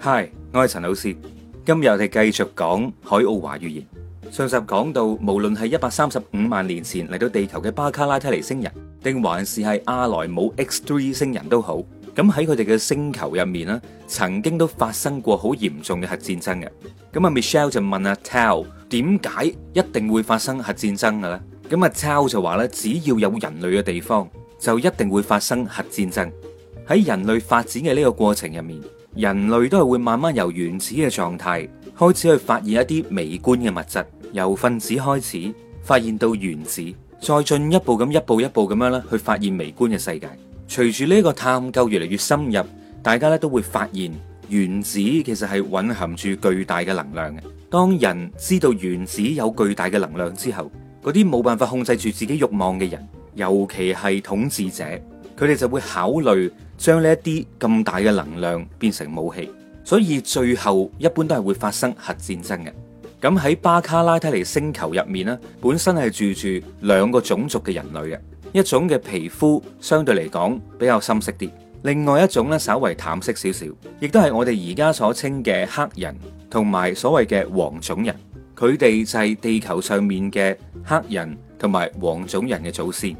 嗨，Hi，我係陳老師。今日我哋繼續講海奧華預言。上集講到，無論係一百三十五萬年前嚟到地球嘅巴卡拉提尼星人，定還是係阿萊姆 X 三星人都好，咁喺佢哋嘅星球入面啦，曾經都發生過好嚴重嘅核戰爭嘅。咁啊，Michelle 就問阿 Tao 點解一定會發生核戰爭嘅咧？咁啊，Tao 就話咧，只要有人類嘅地方，就一定會發生核戰爭。喺人類發展嘅呢個過程入面，人類都係會慢慢由原始嘅狀態開始去發現一啲微觀嘅物質，由分子開始發現到原子，再進一步咁一步一步咁樣咧去發現微觀嘅世界。隨住呢個探究越嚟越深入，大家咧都會發現原子其實係蘊含住巨大嘅能量嘅。當人知道原子有巨大嘅能量之後，嗰啲冇辦法控制住自己慾望嘅人，尤其係統治者，佢哋就會考慮，將呢一啲咁大嘅能量變成武器，所以最後一般都係會發生核戰爭嘅。咁喺巴卡拉提尼星球入面咧，本身係住住兩個種族嘅人類嘅，一種嘅皮膚相對嚟講比較深色啲，另外一種咧稍微淡色少少，亦都係我哋而家所稱嘅黑人同埋所謂嘅黃種人。佢哋就係地球上面嘅黑人同埋黃種人嘅祖先。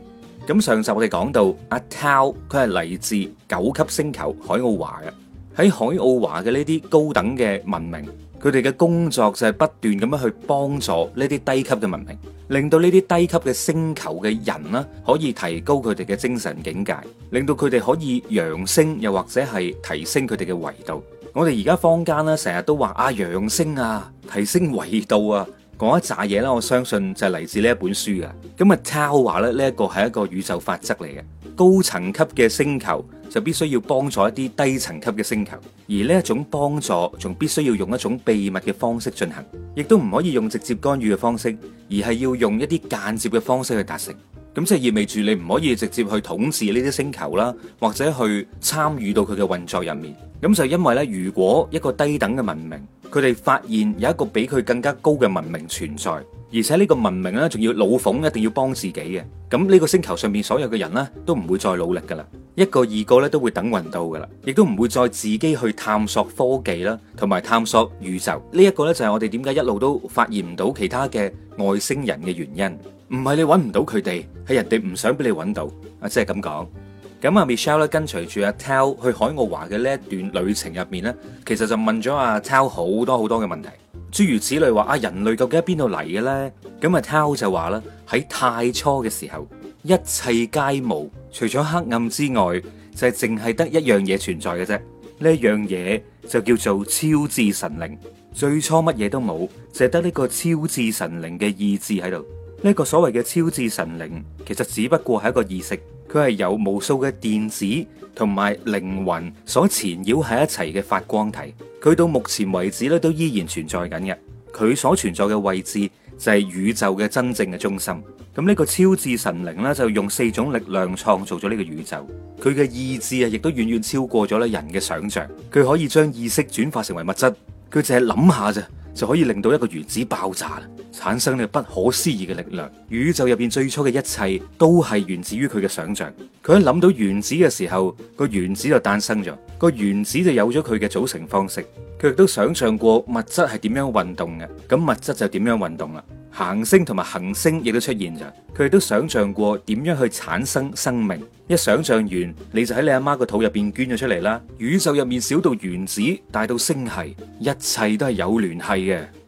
咁上集我哋講到阿濤，佢係嚟自九級星球海奧華嘅。喺海奧華嘅呢啲高等嘅文明，佢哋嘅工作就係不斷咁樣去幫助呢啲低級嘅文明，令到呢啲低級嘅星球嘅人啦，可以提高佢哋嘅精神境界，令到佢哋可以揚升，又或者係提升佢哋嘅維度。我哋而家坊間啦，成日都話啊揚升啊，提升維度啊。講一紮嘢啦，我相信就係嚟自呢一本書嘅。咁啊，Tao 話咧，呢一個係一個宇宙法則嚟嘅。高層級嘅星球就必須要幫助一啲低層級嘅星球，而呢一種幫助仲必須要用一種秘密嘅方式進行，亦都唔可以用直接干預嘅方式，而係要用一啲間接嘅方式去達成。咁即係意味住你唔可以直接去統治呢啲星球啦，或者去參與到佢嘅運作入面。咁就因為呢，如果一個低等嘅文明，佢哋發現有一個比佢更加高嘅文明存在，而且呢個文明咧，仲要老奉一定要幫自己嘅。咁呢個星球上面所有嘅人呢，都唔會再努力噶啦，一個二個呢都會等運到噶啦，亦都唔會再自己去探索科技啦，同埋探索宇宙。呢、這個、一個呢，就係我哋點解一路都發現唔到其他嘅外星人嘅原因。唔係你揾唔到佢哋，係人哋唔想俾你揾到啊！即係咁講。咁啊，Michelle 咧，跟隨住阿 Tao 去海奧華嘅呢一段旅程入面呢，其實就問咗阿 Tao 好多好多嘅問題，諸如此類話啊人類究竟喺邊度嚟嘅咧？咁啊 Tao 就話啦，喺太初嘅時候，一切皆無，除咗黑暗之外，就係淨係得一樣嘢存在嘅啫，呢一樣嘢就叫做超智神靈。最初乜嘢都冇，就係得呢個超智神靈嘅意志喺度。呢個所謂嘅超智神靈，其實只不過係一個意識，佢係由無數嘅電子同埋靈魂所纏繞喺一齊嘅發光體。佢到目前為止咧都依然存在緊嘅，佢所存在嘅位置就係宇宙嘅真正嘅中心。咁、這、呢個超智神靈咧就用四種力量創造咗呢個宇宙，佢嘅意志啊亦都遠遠超過咗咧人嘅想象，佢可以將意識轉化成為物質，佢淨係諗下咋，就可以令到一個原子爆炸了，產生咧不可思議嘅力量。宇宙入邊最初嘅一切都係源自於佢嘅想象。佢一諗到原子嘅時候，個原子就誕生咗，個原子就有咗佢嘅組成方式。佢亦都想象過物質係點樣運動嘅，咁物質就點樣運動啦。行星同埋行星亦都出現咗。佢亦都想象過點樣去產生生命。一想象完，你就喺你阿媽個肚入邊捐咗出嚟啦。宇宙入面小到原子，大到星系，一切都係有聯繫。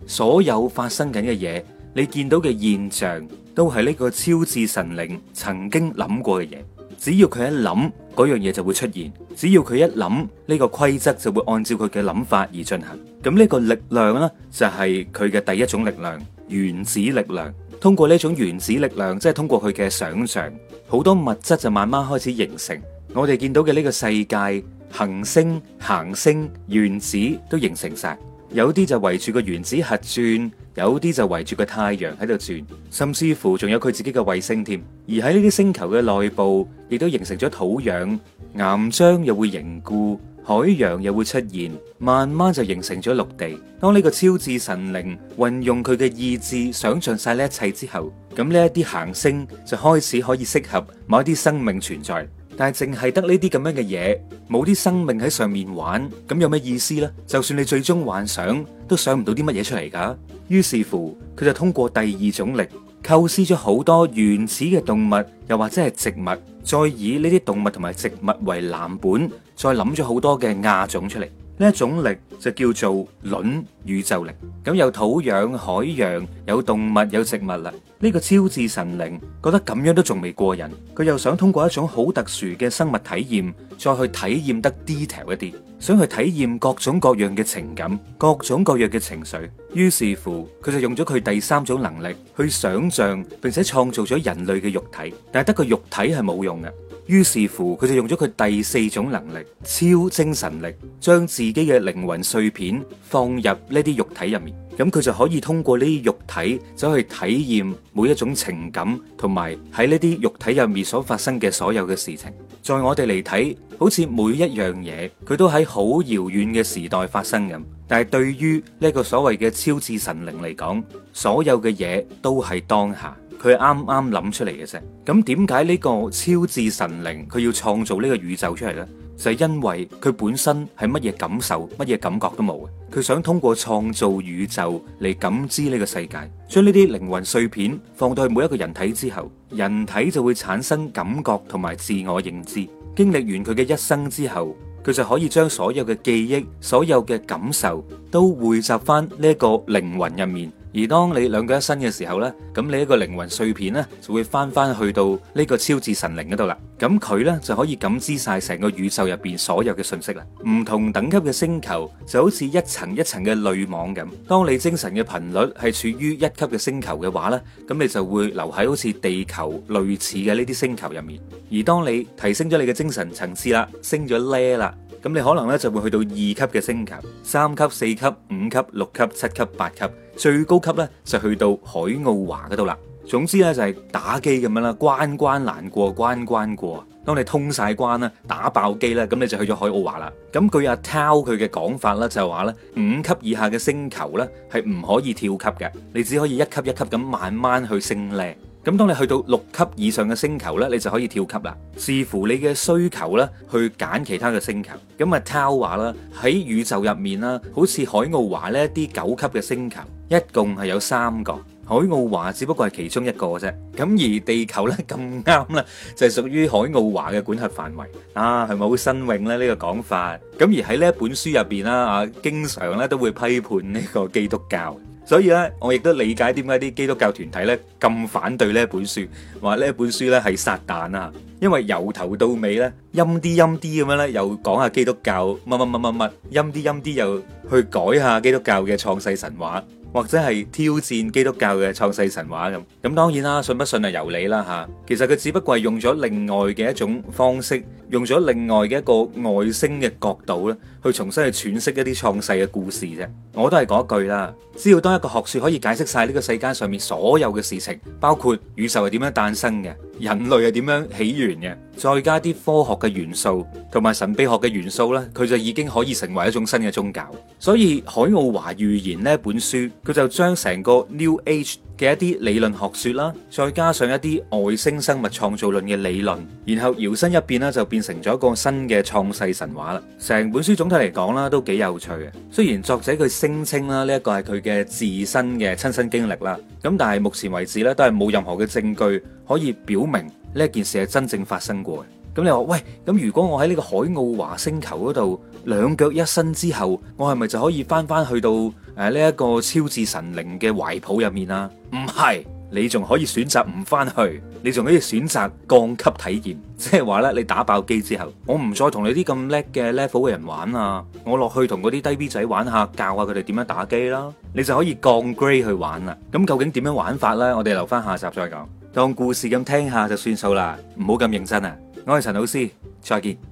所有發生緊嘅嘢，你見到嘅現象都係呢個超智神靈曾經諗過嘅嘢。只要佢一諗，嗰樣嘢就會出現；只要佢一諗，呢個規則就會按照佢嘅諗法而進行。咁呢個力量呢，就係佢嘅第一種力量——原子力量。通過呢種原子力量，即係通過佢嘅想象，好多物質就慢慢開始形成。我哋見到嘅呢個世界、行星、行星、原子都形成晒。有啲就圍住個原子核轉，有啲就圍住個太陽喺度轉，甚至乎仲有佢自己嘅衛星添。而喺呢啲星球嘅內部，亦都形成咗土壤，岩漿又會凝固，海洋又會出現，慢慢就形成咗陸地。當呢個超智神靈運用佢嘅意志，想象晒呢一切之後，咁呢一啲行星就開始可以適合某一啲生命存在。但係淨係得呢啲咁樣嘅嘢，冇啲生命喺上面玩，咁有咩意思呢？就算你最終幻想，都想唔到啲乜嘢出嚟噶。於是乎，佢就通過第二種力，構思咗好多原始嘅動物，又或者係植物，再以呢啲動物同埋植物為藍本，再諗咗好多嘅亞種出嚟。呢一種力就叫做卵宇宙力。咁有土壤、海洋，有動物、有植物啦。呢個超智神靈覺得咁樣都仲未過癮，佢又想通過一種好特殊嘅生物體驗，再去體驗得 detail 一啲，想去體驗各種各樣嘅情感、各種各樣嘅情緒。於是乎，佢就用咗佢第三種能力去想像並且創造咗人類嘅肉體。但係得個肉體係冇用嘅。於是乎，佢就用咗佢第四種能力——超精神力，將自己嘅靈魂碎片放入呢啲肉體入面。咁佢就可以通過呢啲肉體走去體驗每一種情感，同埋喺呢啲肉體入面所發生嘅所有嘅事情。在我哋嚟睇，好似每一樣嘢佢都喺好遙遠嘅時代發生咁。但係對於呢個所謂嘅超智神靈嚟講，所有嘅嘢都係當下。佢啱啱諗出嚟嘅啫，咁點解呢個超智神靈佢要創造呢個宇宙出嚟呢？就係因為佢本身係乜嘢感受、乜嘢感覺都冇嘅，佢想通過創造宇宙嚟感知呢個世界。將呢啲靈魂碎片放到去每一個人體之後，人體就會產生感覺同埋自我認知。經歷完佢嘅一生之後，佢就可以將所有嘅記憶、所有嘅感受都匯集翻呢個靈魂入面。而當你兩腳一伸嘅時候呢，咁你一個靈魂碎片呢，就會翻翻去到呢個超智神靈嗰度啦。咁佢呢，就可以感知晒成個宇宙入邊所有嘅信息啦。唔同等級嘅星球就好似一層一層嘅濾網咁。當你精神嘅頻率係處於一級嘅星球嘅話呢，咁你就會留喺好似地球類似嘅呢啲星球入面。而當你提升咗你嘅精神層次啦，升咗 level 啦。咁你可能咧就會去到二級嘅星球，三級、四級、五級、六級、七級、八級，最高級咧就去到海奧華嗰度啦。總之咧就係、是、打機咁樣啦，關關難過關關過。當你通晒關啦，打爆機啦，咁你就去咗海奧華啦。咁據阿濤佢嘅講法啦，就係話咧五級以下嘅星球咧係唔可以跳級嘅，你只可以一級一級咁慢慢去升咧。咁當你去到六級以上嘅星球咧，你就可以跳級啦，視乎你嘅需求啦，去揀其他嘅星球。咁啊，Thao 話啦，喺宇宙入面啦，好似海奧華呢一啲九級嘅星球，一共係有三個，海奧華只不過係其中一個啫。咁而地球咧，咁啱咧，就係屬於海奧華嘅管轄範圍啊，係咪好新穎咧呢個講法？咁而喺呢本書入邊啦啊，經常咧都會批判呢個基督教。所以咧，我亦都理解點解啲基督教團體咧咁反對呢一本書，話呢一本書咧係撒旦啊！因為由頭到尾咧，陰啲陰啲咁樣咧，又講下基督教乜乜乜乜乜，陰啲陰啲又去改下基督教嘅創世神話。或者係挑戰基督教嘅創世神話咁，咁當然啦，信不信係由你啦吓，啊。其實佢只不過係用咗另外嘅一種方式，用咗另外嘅一個外星嘅角度咧，去重新去詮釋一啲創世嘅故事啫。我都係嗰句啦，只要當一個學說可以解釋晒呢個世間上面所有嘅事情，包括宇宙係點樣誕生嘅。人類係點樣起源嘅？再加啲科學嘅元素同埋神秘學嘅元素咧，佢就已經可以成為一種新嘅宗教。所以海奧華預言呢本書，佢就將成個 New Age 嘅一啲理論學説啦，再加上一啲外星生物創造論嘅理論，然後搖身一變啦，就變成咗一個新嘅創世神話啦。成本書總體嚟講啦，都幾有趣嘅。雖然作者佢聲稱啦，呢一個係佢嘅自身嘅親身經歷啦。咁但係目前為止咧，都係冇任何嘅證據可以表明呢件事係真正發生過嘅。咁你話喂，咁如果我喺呢個海奧華星球嗰度兩腳一伸之後，我係咪就可以翻翻去到誒呢一個超智神靈嘅懷抱入面啊？唔係。你仲可以選擇唔翻去，你仲可以選擇降級體驗，即係話咧，你打爆機之後，我唔再同你啲咁叻嘅 level 嘅人玩啊，我落去同嗰啲低 B 仔玩下，教下佢哋點樣打機啦，你就可以降 grade 去玩啦。咁究竟點樣玩法呢？我哋留翻下集再講，當故事咁聽下就算數啦，唔好咁認真啊。我係陳老師，再見。